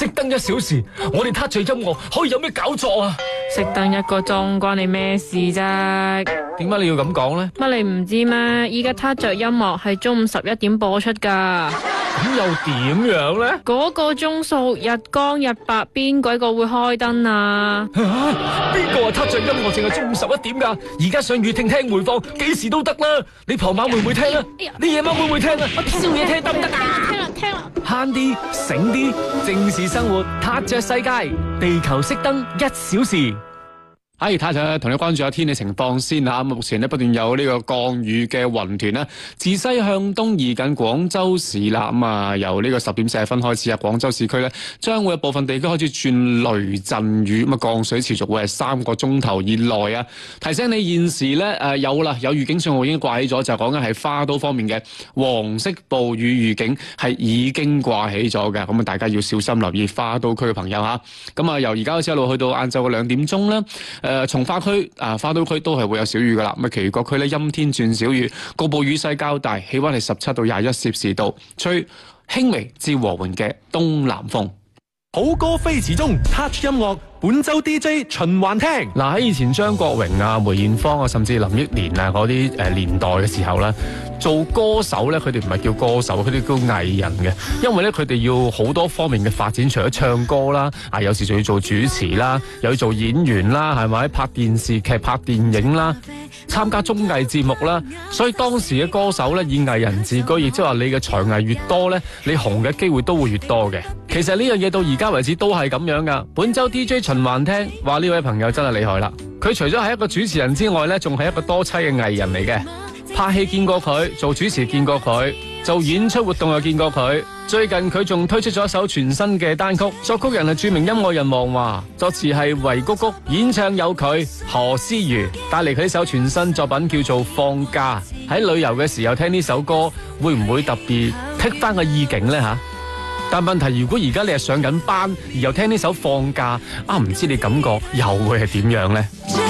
熄燈一小時，我哋撻着音樂可以有咩搞作啊？熄燈一個鐘關你咩事啫？點解你要咁講咧？乜你唔知咩？依家撻着音樂係中午十一點播出噶。咁又點樣咧？嗰個鐘數日光日白，邊鬼個會開燈啊？邊個話踏着音樂淨係中午十一點噶？而家上月聽聽回放，幾時都得啦。你傍晚會唔會聽啊？你夜晚會唔會聽啊？我宵夜聽得唔得啊？聽啦聽啦，慳啲醒啲，正視生活，踏着世界，地球熄燈一小時。哎，睇下同你關注下天氣情況先吓。目前呢不斷有呢個降雨嘅雲團咧，自西向東移近廣州市啦。咁、嗯、啊，由呢個十點四十分開始啊，廣州市區呢將會有部分地區開始轉雷陣雨，咁啊降水持續會係三個鐘頭以內啊。提醒你現時呢誒有啦，有預警信號已經掛起咗，就講緊係花都方面嘅黃色暴雨預警係已經掛起咗嘅。咁啊，大家要小心留意花都區嘅朋友吓。咁啊，由而家開始一路去到晏晝嘅兩點鐘啦。誒從、呃、化區、啊、呃、花都區都係會有小雨㗎喇，咁啊，其餘各區呢，陰天轉小雨，局部雨勢較大，氣温係十七到廿一攝氏度，吹輕微至和緩嘅東南風。好歌飛馳中，Touch 音樂。本周 D J 循環聽。嗱，喺以前張國榮啊梅艷芳啊甚至林憶蓮啊嗰啲誒年代嘅時候咧，做歌手咧佢哋唔係叫歌手，佢哋叫藝人嘅，因為咧佢哋要好多方面嘅發展，除咗唱歌啦，啊有時仲要做主持啦，又要做演員啦，係咪拍電視劇、拍電影啦，參加綜藝節目啦，所以當時嘅歌手咧以藝人自居，亦即係話你嘅才藝越多咧，你紅嘅機會都會越多嘅。其實呢樣嘢到而家為止都係咁樣噶。本周 D J。陳環聽話，呢位朋友真係厲害啦！佢除咗係一個主持人之外呢，仲係一個多妻嘅藝人嚟嘅。拍戲見過佢，做主持見過佢，做演出活動又見過佢。最近佢仲推出咗一首全新嘅單曲，作曲人係著名音樂人王華，作詞係韋谷谷，演唱有佢，何思如帶嚟佢一首全新作品叫做《放假》。喺旅遊嘅時候聽呢首歌，會唔會特別剔返個意境呢？吓？但問題，如果而家你係上緊班，而又聽呢首放假，啊，唔知你感覺又會係點樣咧？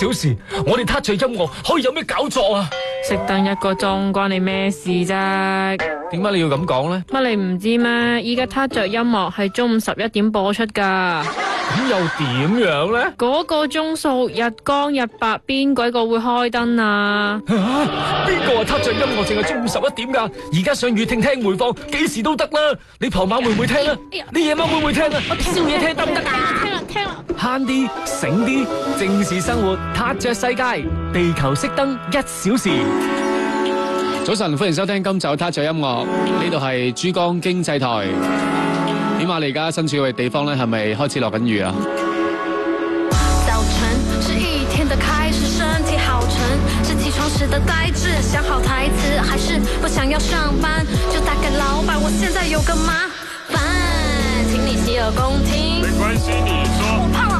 小時我哋撻着音樂可以有咩搞作啊？熄燈一個鐘關你咩事啫？點解你要咁講呢？乜你唔知咩？依家撻着音樂係中午十一點播出噶。咁又點樣咧？嗰個鐘數日光日白，邊鬼個會開燈啊？邊個啊？塔雀音樂淨係中午十一點噶，而家上粵聽聽回放，幾時都得啦。你傍晚會唔會聽啊？你夜晚會唔會聽啊？我宵夜聽得唔得啊？聽啦聽啦，慳啲醒啲，正視生活，塔雀世界，地球熄燈一小時。早晨，歡迎收聽今早塔雀音樂，呢度係珠江經濟台。起碼你而家身處嘅地方咧，係咪開始落緊雨啊？早晨是一天的開始，身體好沉是起床時的呆滯，想好台詞還是不想要上班，就打給老闆，我現在有個麻煩，請你洗耳恭聽。沒關係，你說我胖了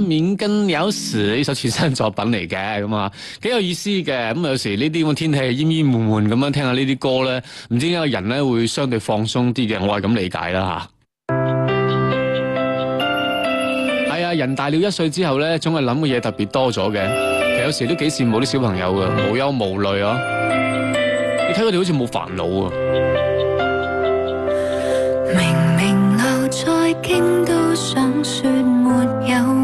面跟有時呢首全新作品嚟嘅咁啊，幾有意思嘅咁有時呢啲咁嘅天氣陰陰悶悶咁樣聽下呢啲歌咧，唔知點解個人咧會相對放鬆啲嘅，我係咁理解啦吓，係啊、嗯嗯哎，人大了一歲之後咧，總係諗嘅嘢特別多咗嘅，其實有時都幾羨慕啲小朋友嘅，無憂無慮啊！你睇佢哋好似冇煩惱啊！明明留在京都，想説沒有。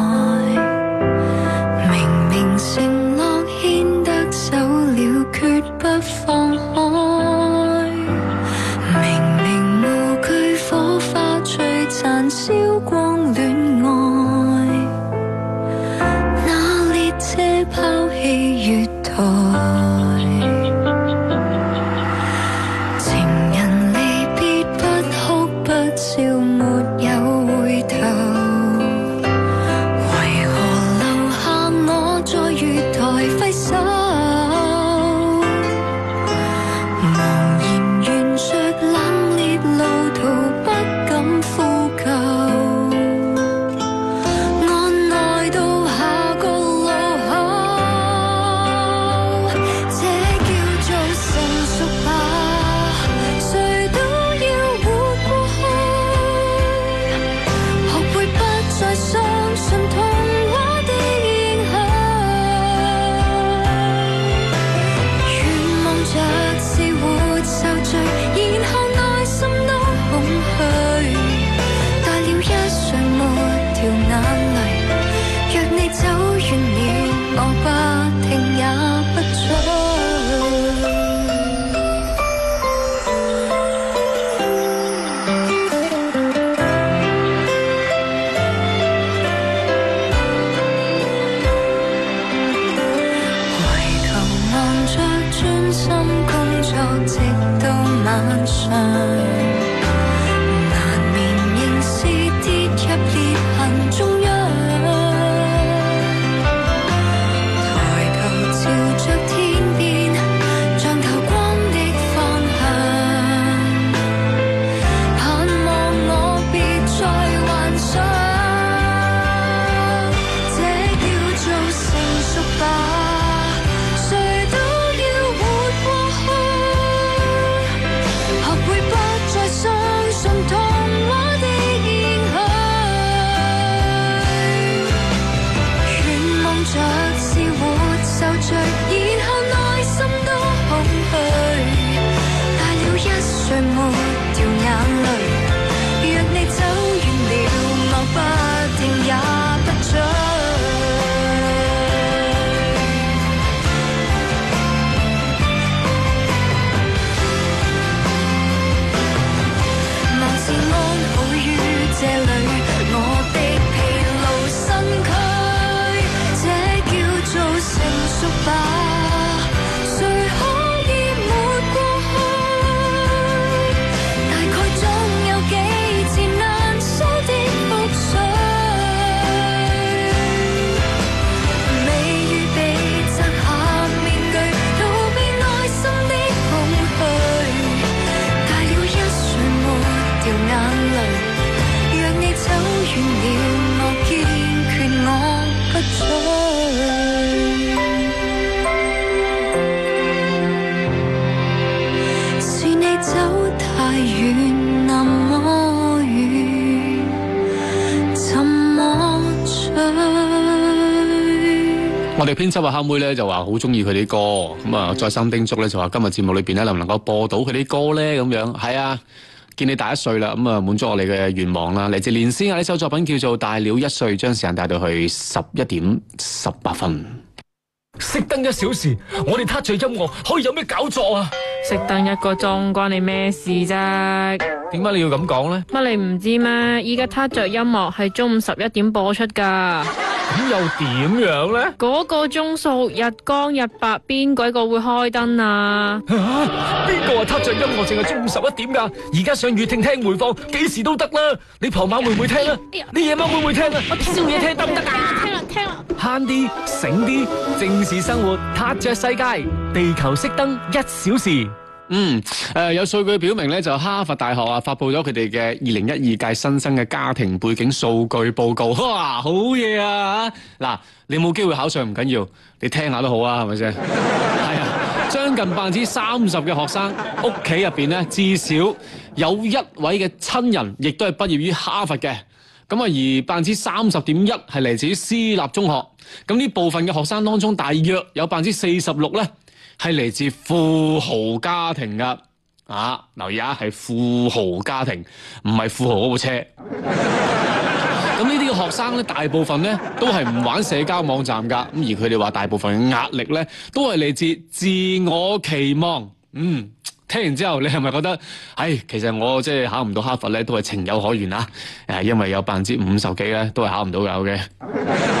我哋編輯嘅黑妹咧就話好中意佢啲歌，咁啊、嗯、再三叮囑咧就話今日節目裏邊咧能唔能夠播到佢啲歌咧咁樣？係啊，見你大一歲啦，咁啊滿足我哋嘅願望啦。嚟自連詩雅呢首作品叫做《大了一歲》，將時間帶到去十一點十八分。熄燈一小時，我哋撻著音樂可以有咩搞作啊？熄燈一個鐘關你咩事啫？點解你要咁講咧？乜你唔知咩？依家撻著音樂係中午十一點播出噶。咁又點樣咧？嗰個鐘數日光日白邊鬼個會開燈啊？邊個話撻著音樂淨係中午十一點噶？而家上樂廳聽回放幾時都得啦、啊。你傍晚會唔會聽啊？你夜晚會唔會聽啊？宵夜聽得唔得噶？聽慳啲，醒啲，正視生活，踏着世界，地球熄燈一小時。嗯，誒，有數據表明咧，就是、哈佛大學啊，發佈咗佢哋嘅二零一二屆新生嘅家庭背景數據報告。哇，好嘢啊！嗱、啊，你冇機會考上唔緊要，你聽下都好 啊，係咪先？係啊，將近百分之三十嘅學生屋企入邊咧，至少有一位嘅親人，亦都係畢業於哈佛嘅。咁啊，而百分之三十點一係嚟自於私立中學，咁呢部分嘅學生當中，大約有百分之四十六咧係嚟自富豪家庭噶，啊，留意下係富豪家庭，唔係富豪嗰部車。咁呢啲嘅學生咧，大部分咧都係唔玩社交網站噶，咁而佢哋話，大部分嘅壓力咧都係嚟自自我期望，嗯。聽完之後，你係咪覺得，唉，其實我即係考唔到哈佛呢？都係情有可原啊！誒，因為有百分之五十幾呢都係考唔到嘅，OK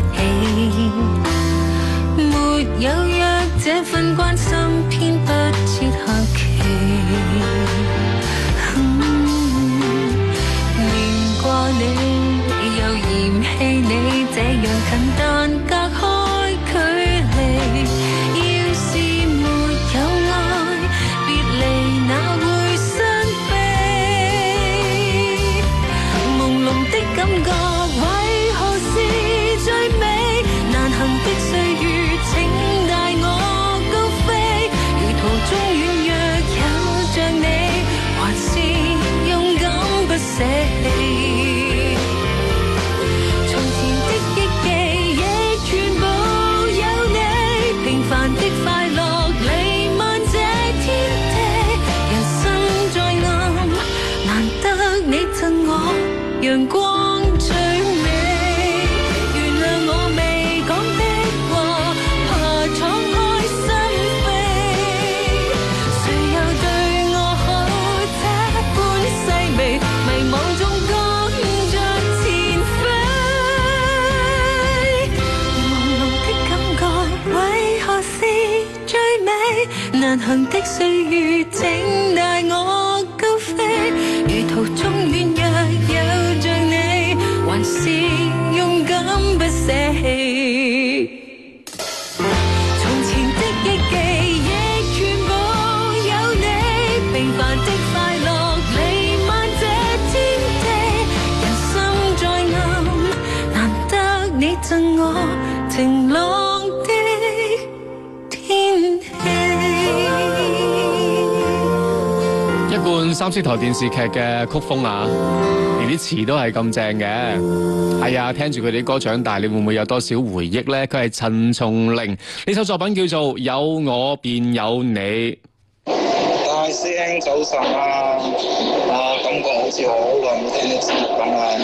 呢台電視劇嘅曲風啊，連啲詞都係咁正嘅。係、哎、啊，聽住佢啲歌長大，你會唔會有多少回憶呢？佢係陳松伶呢首作品叫做《有我便有你》。大師兄早晨啊！似好耐冇聽你節目咁啊！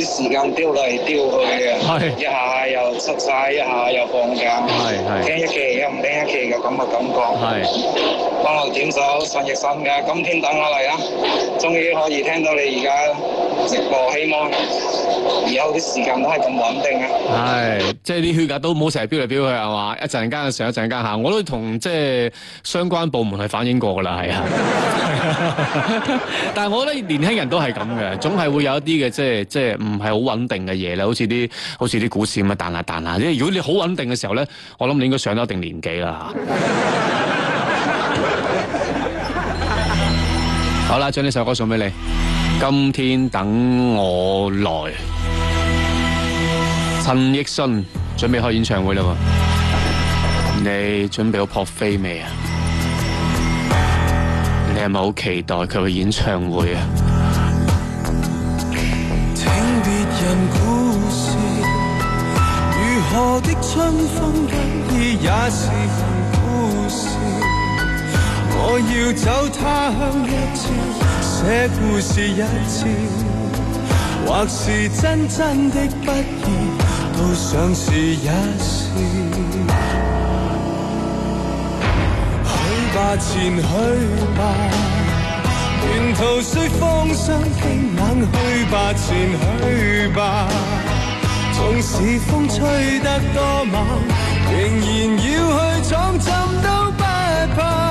啲時間丟嚟丟去啊，一下又出晒，一下又放假，係，係，聽一期又唔聽一期嘅咁嘅感覺。係，幫我點首，陳奕迅嘅，今天等我嚟啊！終於可以聽到你而家。希望以後啲時間都係咁穩定嘅。係，即係啲血壓都唔好成日飆嚟飆去，係嘛？一陣間上一陣間下，我都同即係相關部門去反映過噶啦，係啊。但係我覺得年輕人都係咁嘅，總係會有一啲嘅即係即係唔係好穩定嘅嘢啦，好似啲好似啲股市咁啊，彈下彈下。即係如果你好穩定嘅時候咧，我諗你應該上咗一定年紀啦。好啦，將呢首歌送俾你。今天等我來，陳奕迅準備開演唱會啦，你準備好撲飛未啊？你係咪好期待佢嘅演唱會啊？聽別人故事，如何的春風得意也是故事，我要走他鄉一次。這故事一次，或是真真的不易，都想試一試。去吧，前去吧，沿途雖風霜清冷，去吧，前去吧，縱使風吹得多猛，仍然要去闖，怎都不怕。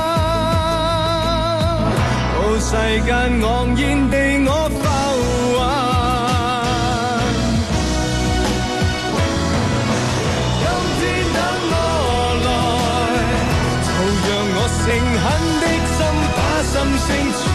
世間昂然地，我浮雲。今天等我來，就讓我誠懇的心把心聲傳。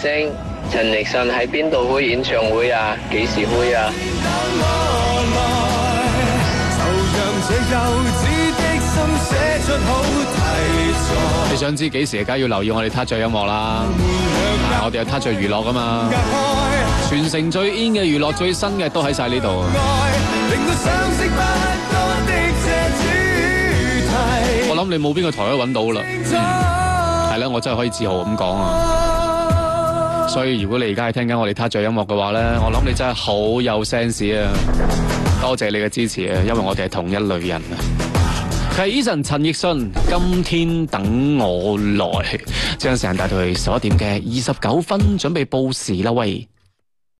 星陳奕迅喺邊度開演唱會啊？幾時開啊？你想知幾時？而家要留意我哋 touch 音樂啦，啊。我哋有 touch 娛樂噶嘛？全城最 in 嘅娛樂，最新嘅都喺晒呢度。我諗你冇邊個台可以搵到啦。係咧，嗯，我真係可以自豪咁講啊！所以如果你而家係聽緊我哋 touch 音樂嘅話咧，我諗你真係好有 sense 啊！多謝你嘅支持啊，因為我哋係同一類人啊。佢係 Eason，陳奕迅，今天等我來，將時間帶到去十一點嘅二十九分，準備報時啦喂。